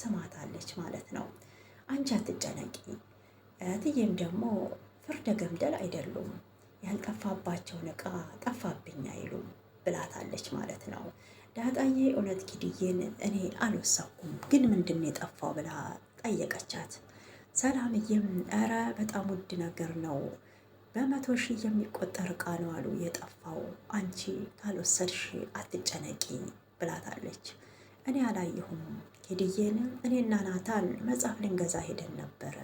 ስማታለች ማለት ነው። አንቺ አትጨነቂ። እትዬም ደግሞ ፍርደ ገምደል አይደሉም ያልጠፋባቸውን እቃ ጠፋብኝ አይሉም ብላታለች ማለት ነው። ዳጣዬ እውነት ጊድዬን እኔ አልወሳኩም ግን ምንድን የጠፋው ብላ ጠየቀቻት። ሰላምዬም ኧረ በጣም ውድ ነገር ነው በመቶ ሺህ የሚቆጠር እቃ ነው አሉ የጠፋው አንቺ ካልወሰድሽ አትጨነቂ ብላታለች። እኔ አላየሁም። ሄድዬንም እኔና ናታን መጽሐፍ ልንገዛ ሄደን ነበረ።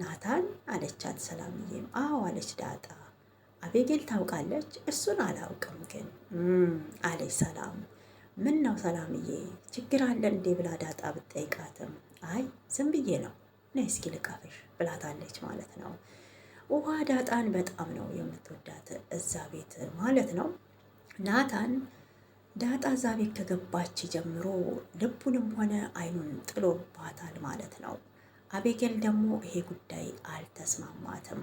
ናታን አለቻት ሰላምዬም። አዎ አለች ዳጣ። አቤጌል ታውቃለች? እሱን አላውቅም ግን አለች ሰላም። ምን ነው ሰላምዬ፣ ችግር አለ እንዴ ብላ ዳጣ ብጠይቃትም አይ ዝም ብዬ ነው ነይ እስኪ ልቀፍሽ ብላታለች ማለት ነው። ውሃ ዳጣን በጣም ነው የምትወዳት እዛ ቤት ማለት ነው ናታን ዳጣ እዛ ቤት ከገባች ጀምሮ ልቡንም ሆነ አይኑን ጥሎባታል ማለት ነው። አቤጌል ደግሞ ይሄ ጉዳይ አልተስማማትም።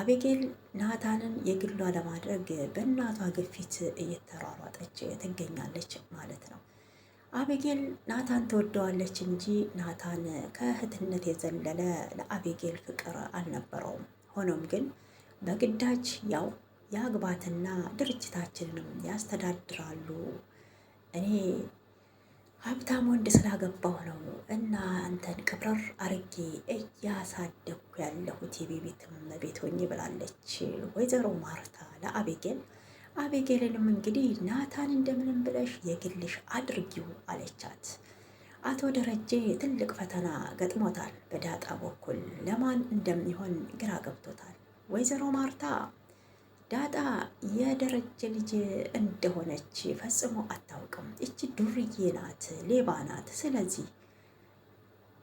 አቤጌል ናታንን የግሏ ለማድረግ በእናቷ ግፊት እየተሯሯጠች ትገኛለች ማለት ነው። አቤጌል ናታን ትወደዋለች እንጂ ናታን ከእህትነት የዘለለ ለአቤጌል ፍቅር አልነበረውም። ሆኖም ግን በግዳጅ ያው ያግባትና ድርጅታችንንም ያስተዳድራሉ። እኔ ሀብታም ወንድ ስላገባሁ ነው እና አንተን ቅብረር አርጌ እያሳደግኩ ያለሁት የቤቤት እመቤት ሆኜ ብላለች ወይዘሮ ማርታ ለአቤጌል። አቤጌልንም እንግዲህ ናታን እንደምንም ብለሽ የግልሽ አድርጊው አለቻት። አቶ ደረጀ ትልቅ ፈተና ገጥሞታል። በዳጣ በኩል ለማን እንደሚሆን ግራ ገብቶታል። ወይዘሮ ማርታ ዳጣ የደረጀ ልጅ እንደሆነች ፈጽሞ አታውቅም። እቺ ዱርዬ ናት፣ ሌባ ናት። ስለዚህ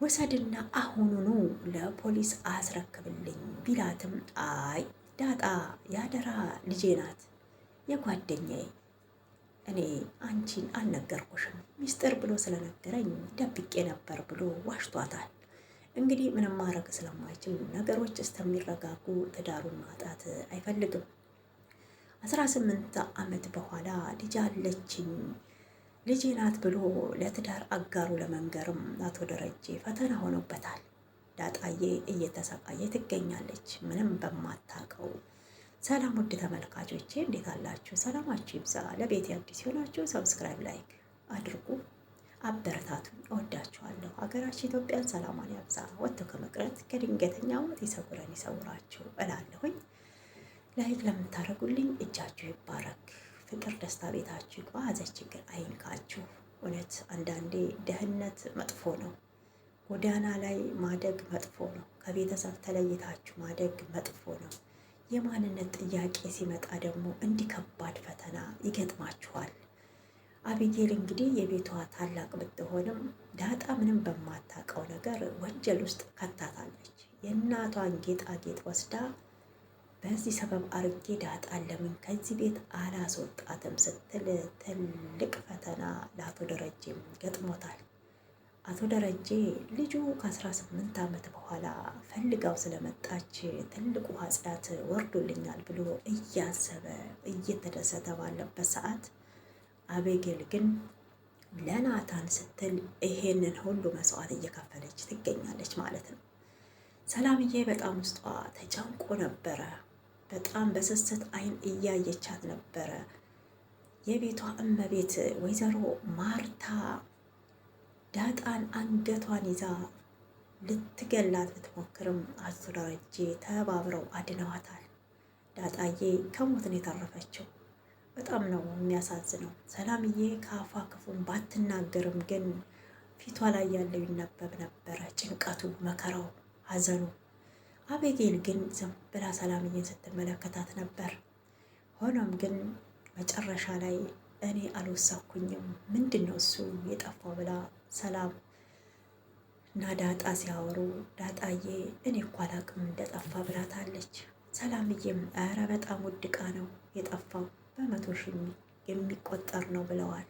ወሰድና አሁኑኑ ለፖሊስ አስረክብልኝ ቢላትም አይ ዳጣ ያደራ ልጄ ናት፣ የጓደኛዬ እኔ አንቺን አልነገርኩሽም፣ ሚስጥር ብሎ ስለነገረኝ ደብቄ ነበር ብሎ ዋሽቷታል። እንግዲህ ምንም ማድረግ ስለማይችል ነገሮች እስከሚረጋጉ ትዳሩን ማጣት አይፈልግም። 18 ዓመት በኋላ ልጅ አለችኝ ልጅ ናት ብሎ ለትዳር አጋሩ ለመንገርም አቶ ደረጀ ፈተና ሆኖበታል። ዳጣዬ እየተሰቃየ ትገኛለች፣ ምንም በማታውቀው። ሰላም ውድ ተመልካቾቼ እንዴት አላችሁ? ሰላማችሁ ይብዛ። ለቤት አዲስ ሆናችሁ ሰብስክራይብ፣ ላይክ አድርጉ፣ አበረታቱ። እወዳችኋለሁ። ሀገራችን ኢትዮጵያን ሰላሟን ያብዛ፣ ወጥቶ ከመቅረት ከድንገተኛ ሞት ይሰውረን፣ ይሰውራችሁ እላለሁኝ። ላይክ ለምታደርጉልኝ እጃችሁ ይባረክ። ፍቅር፣ ደስታ ቤታችሁ ይግባ። ችግር አይንካችሁ። እውነት አንዳንዴ ደህነት መጥፎ ነው። ጎዳና ላይ ማደግ መጥፎ ነው። ከቤተሰብ ተለይታችሁ ማደግ መጥፎ ነው። የማንነት ጥያቄ ሲመጣ ደግሞ እንዲህ ከባድ ፈተና ይገጥማችኋል። አቤጌል እንግዲህ የቤቷ ታላቅ ብትሆንም ዳጣ ምንም በማታውቀው ነገር ወንጀል ውስጥ ከታታለች። የእናቷን ጌጣጌጥ ወስዳ በዚህ ሰበብ አርጌ ዳጣን ለምን ከዚህ ቤት አላስወጣትም ስትል ትልቅ ፈተና ለአቶ ደረጀም ገጥሞታል። አቶ ደረጀ ልጁ ከ18 ዓመት በኋላ ፈልጋው ስለመጣች ትልቁ ኃጢአት ወርዶልኛል ብሎ እያሰበ እየተደሰተ ባለበት ሰዓት አቤጌል ግን ለናታን ስትል ይሄንን ሁሉ መስዋዕት እየከፈለች ትገኛለች ማለት ነው። ሰላምዬ በጣም ውስጧ ተጨንቆ ነበረ። በጣም በስስት አይን እያየቻት ነበረ። የቤቷ እመቤት ወይዘሮ ማርታ ዳጣን አንገቷን ይዛ ልትገላት ብትሞክርም አቶ ደረጀ ተባብረው አድነዋታል። ዳጣዬ ከሞት ነው የተረፈችው። በጣም ነው የሚያሳዝነው። ሰላምዬ ከአፏ ክፉን ባትናገርም ግን ፊቷ ላይ ያለው ይነበብ ነበረ። ጭንቀቱ፣ መከራው፣ ሀዘኑ አቤጌል ግን ዝም ብላ ሰላምዬን ስትመለከታት ነበር። ሆኖም ግን መጨረሻ ላይ እኔ አልወሰንኩኝም፣ ምንድን ነው እሱ የጠፋው ብላ ሰላም እና ዳጣ ሲያወሩ ዳጣዬ እኔ እኮ አላቅም እንደጠፋ ብላታለች። ሰላምዬም ኧረ በጣም ውድ ዕቃ ነው የጠፋው በመቶ ሺህ የሚቆጠር ነው ብለዋል።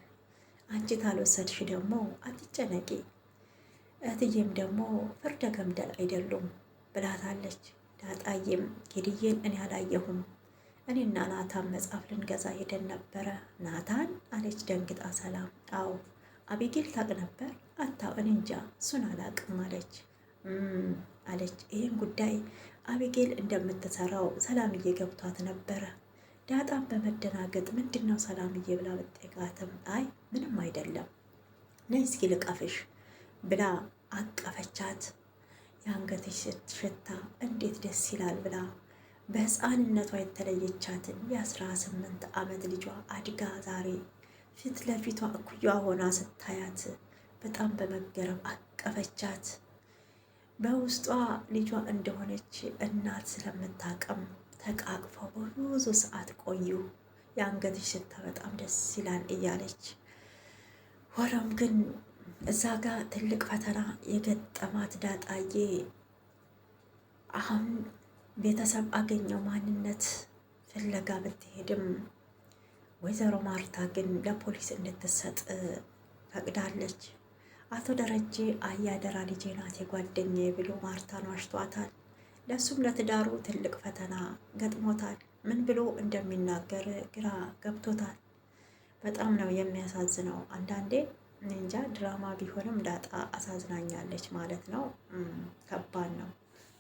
አንቺ ታልወሰድሽ ደግሞ አትጨነቂ። እትዬም ደግሞ ፍርደ ገምደል አይደሉም ብላታለች። ዳጣዬም ጌድዬን እኔ አላየሁም፣ እኔና ናታን መጽሐፍ ልንገዛ ሄደን ነበረ። ናታን አለች ደንግጣ። ሰላም አዎ፣ አቤጌል ታቅ ነበር? አታው እኔ እንጃ እሱን አላቅም አለች አለች። ይህን ጉዳይ አቤጌል እንደምትሰራው ሰላምዬ ገብቷት ነበረ። ዳጣም በመደናገጥ ምንድን ነው ሰላምዬ ብላ በጠቃትም፣ አይ ምንም አይደለም ነይ እስኪ ልቀፍሽ ብላ አቀፈቻት። የአንገትሽ ሽታ እንዴት ደስ ይላል ብላ በህፃንነቷ የተለየቻትን የአስራ ስምንት ዓመት ልጇ አድጋ ዛሬ ፊት ለፊቷ እኩያ ሆና ስታያት በጣም በመገረም አቀፈቻት። በውስጧ ልጇ እንደሆነች እናት ስለምታቀም ተቃቅፈው በብዙ ሰዓት ቆዩ። የአንገትሽ ሽታ በጣም ደስ ይላል እያለች ሆኖም ግን እዛ ጋ ትልቅ ፈተና የገጠማት ዳጣዬ አሁን ቤተሰብ አገኘው ማንነት ፍለጋ ብትሄድም ወይዘሮ ማርታ ግን ለፖሊስ እንድትሰጥ ፈቅዳለች። አቶ ደረጀ አያደራ ልጄ ናት የጓደኛዬ ብሎ ማርታን ዋሽቷታል። ለእሱም ለትዳሩ ትልቅ ፈተና ገጥሞታል። ምን ብሎ እንደሚናገር ግራ ገብቶታል። በጣም ነው የሚያሳዝነው አንዳንዴ እንጃ ድራማ ቢሆንም ዳጣ አሳዝናኛለች ማለት ነው። ከባድ ነው።